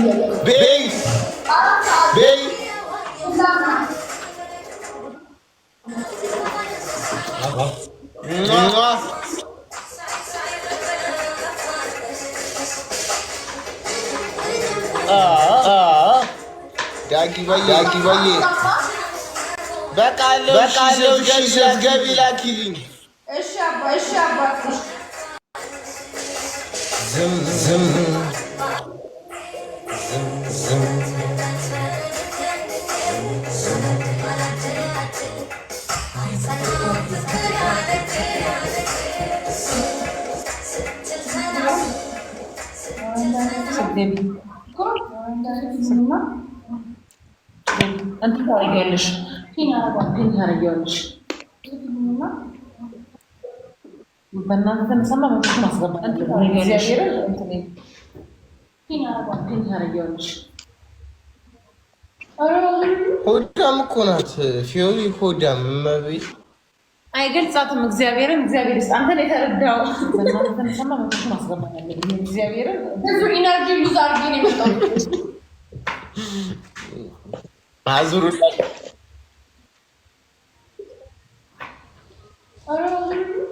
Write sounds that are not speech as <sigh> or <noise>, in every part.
Base. Base. Mwah. Ah. እንትን ታደርጊያለሽ ታደርጊያለሽ። በእናንተ ተነሳማ መብትሽን አስገባ። እንትን ታደርጊያለሽ ሆዳም እኮ ናት ፊዮሪ፣ ሆዳም እመቤት አይገልጻትም። እግዚአብሔርን እግዚአብሔር ስ አንተ የተረዳው። እግዚአብሔርን ብዙ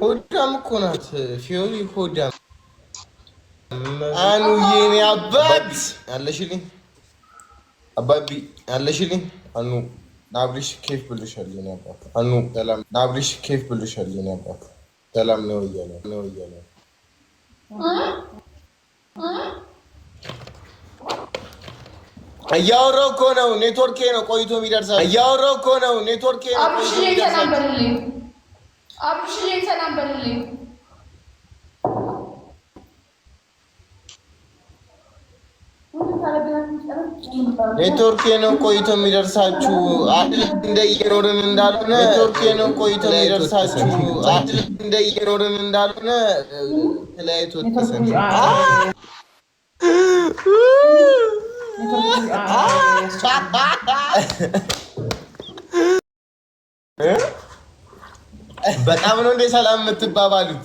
ሆዳም እኮ ናት ፊዮሪ፣ ሆዳም አኑዬ፣ የኔ አባት አለሽልኝ፣ አባቢ አለሽልኝ Hanım. Nabriş keyif bölüşerliğine bak. Hanım delam. Nabriş keyif bölüşerliğine bak. Delam ne oluyor Ne oluyor እያወራሁ እኮ ነው። ኔትወርኬ ነው ቆይቶ የሚደርሰው። እያወራሁ እኮ ነው ኔትወርኬ ነው ቆይቶ የሚደርሰው። አብሽሌ ተናበልልኝ፣ አብሽሌ ተናበልልኝ ኔትወርኬን ቆይቶ የሚደርሳችሁ እንደየኖርን እንዳልሆነ ኔትወርኬን ቆይቶ የሚደርሳችሁ እንደየኖርን እንዳልሆነ ተለያይቶ በጣም ነው እንደ ሰላም የምትባባሉት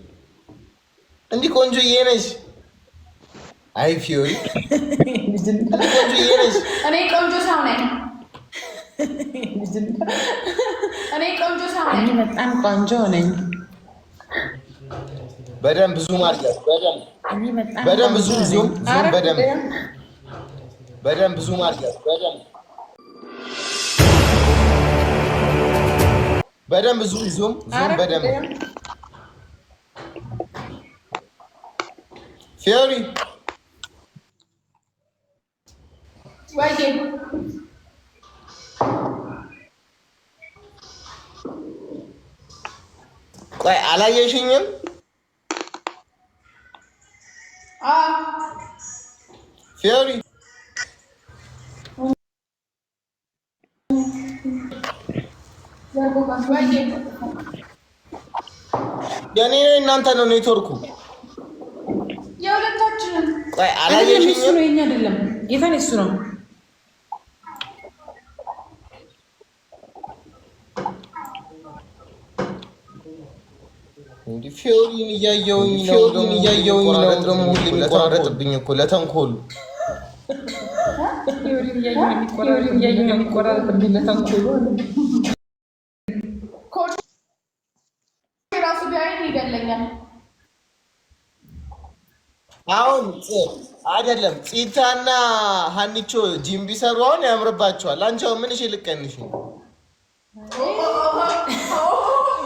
እንጂ ቆንጆ እየነሽ አይ ፊዮሪ ቆንጆ እየነሽ እኔ ቆንጆ ሰው ነኝ። እኔ ቆንጆ ሰው ነኝ። በጣም ቆንጆ ነኝ። በደንብ ዙም አለ። በደንብ ዙም ዙም ዙም በደንብ በደንብ ዙም አለ። በደንብ በደንብ ዙም ዙም ዙም በደንብ ፊዮሪ ቆይ አላየሽኝም? ፊዮሪ የኔ እናንተ ነው ኔትወርኩ ነው የኛ አይደለም፣ ጌታን የሱ ነው። ፊዮሪን እያየውኝ ነው ደግሞ ለተቆራረጥብኝ እኮ ለተንኮሉ ፊዮሪን እያየው ነው የሚቆራረጥብኝ ለተንኮሉ አሁን አይደለም ፂታና ሀኒቾ ጂም ቢሰሩ አሁን ያምርባቸዋል። አንቺ አሁን ምን እሺ፣ ልቀንሽ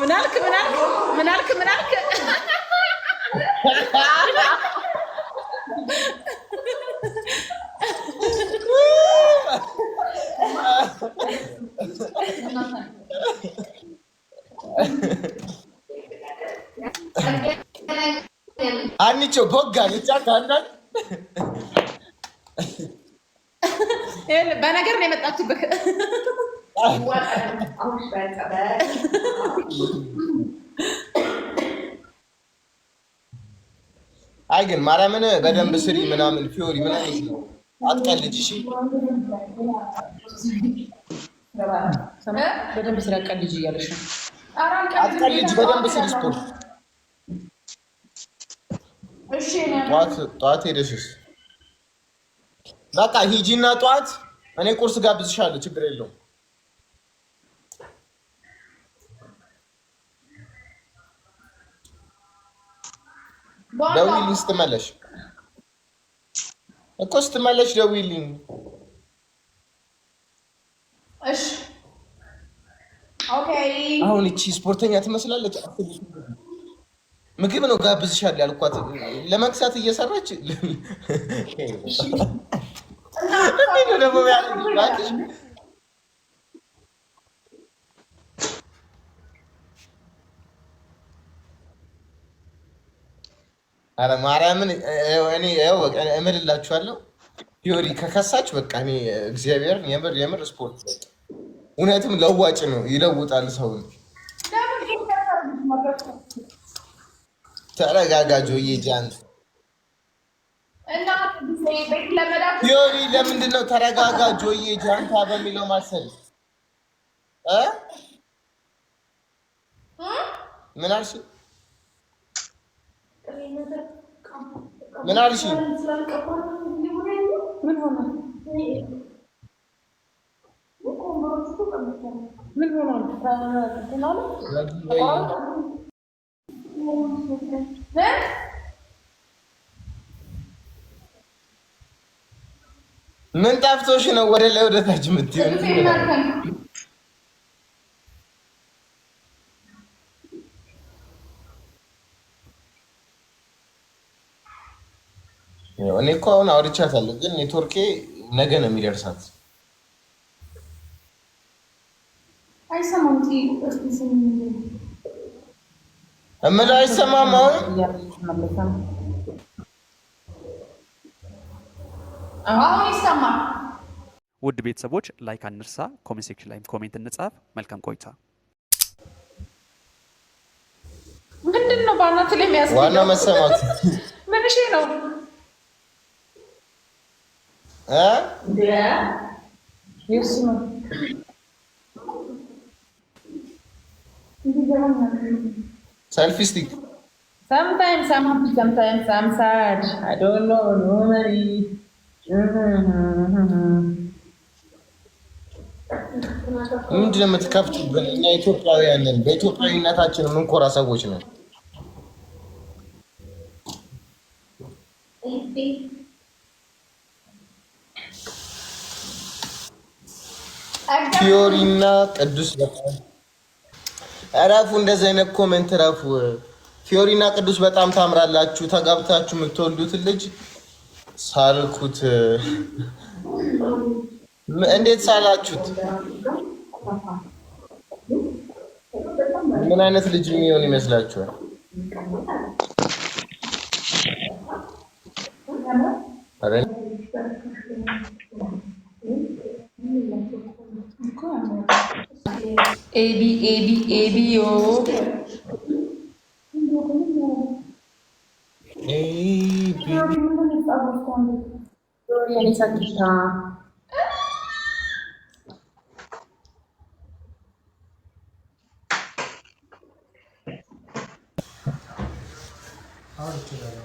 ምናልክ ምናልክ ምናልክ ምናልክ አንቺ ቦጋ ልጫ ካንዳል በነገር ነው የመጣችብህ። አይ ግን ማርያምን በደንብ ስሪ ምናምን ፊዮሪ ምናምን ነው አትቀልጅ። እሺ በደንብ ስሪ አትቀልጅ እያለሽ ነው። አትቀልጅ በደንብ ስሪ ስፖርት ጠዋት ሄደሽስ? በቃ ሂጂና ጠዋት እኔ ቁርስ ጋብዝሻለሁ። ችግር የለውም። ደውዪልኝ ስትመለሽ እኮ ስትመለሽ ደውዪልኝ። አሁን ይቺ ስፖርተኛ ትመስላለች። ምግብ ነው ጋብዝሻለሁ ያልኳት ለመክሳት እየሰራች አረ ማርያምን እኔ ያው እምልላችኋለሁ፣ ዮሪ ከከሳች በቃ እኔ እግዚአብሔርን የምር የምር ስፖርት እውነትም ለዋጭ ነው፣ ይለውጣል ሰውን ተረጋጋ ጆዬ ጃን ዮኒ ለምንድን ነው ተረጋጋ ጆዬ ጃንታ በሚለው ማሰል እ ምን አልሽ? ምን አልሽ? ምን ሆነ? ምን ጣፍቶሽ ነው ወደ ላይ ወደ ታች የምትይው? እኔ እኮ አሁን አውርቻታለሁ፣ ግን ኔትወርኬ ነገ ነው የሚደርሳት። አይሰማም እምልህ አይሰማም። አሁን ይሰማል። ውድ ቤተሰቦች ላይክ አንርሳ፣ ኮሜንት ሴክሽን ላይ ኮሜንት እንጻፍ። መልካም ቆይታ። ምንድን ነው በአናት ላይ የሚያስገኘው? ዋና መሰማት ምን እሺ ነው እ ይስማ selfie stick. Sometimes I'm happy, sometimes I'm sad. I don't know, normally. ምንድን ነው የምትከፍቱብን? እኛ ኢትዮጵያውያን ነን። በኢትዮጵያዊነታችን የምንኮራ ሰዎች ነን። ቲዮሪ እና ቅዱስ እረፉ። እንደዚህ አይነት ኮሜንት እረፉ። ፊዮሪና ቅዱስ በጣም ታምራላችሁ። ተጋብታችሁ የምትወልዱትን ልጅ ሳልኩት እንዴት ሳላችሁት? ምን አይነት ልጅ የሚሆን ይመስላችኋል? ኤቢ ኤቢ ኤቢዮ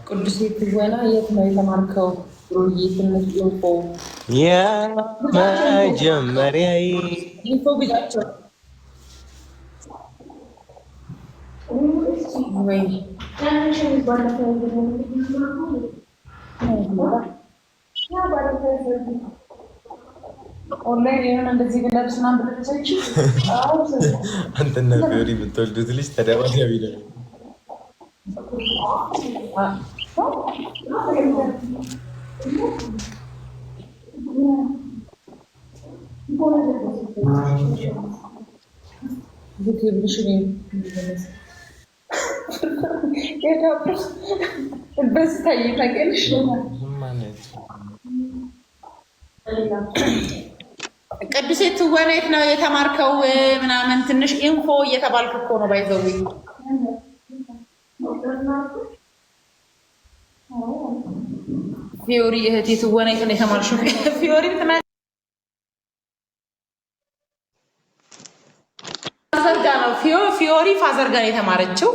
ቅዱስ ትወና የት ነው የተማርከው? የመጀመሪያ Hayır. Ben üçümüz bardak öldürmeyi bilmiyorum. Ne oldu? <laughs> Ya bardak öldürmeyi. አንተ እና ፊዮሪ ብትወልዱት ልጅ ተደባዳቢ ነው። ዩቲዩብ ልሽ የዳቦ በስታ እየታገልሽ ቅዱሴ ትወና ነው የተማርከው? ምናምን ትንሽ ኢንፎ እየተባልክ እኮ ነው ባይዘዊ ፊዮሪ እህቴ ትወና ነው የተማርሽው? ፊዮሪ ፋዘር ነው ፊዮሪ ፋዘርጋ ነው የተማረችው።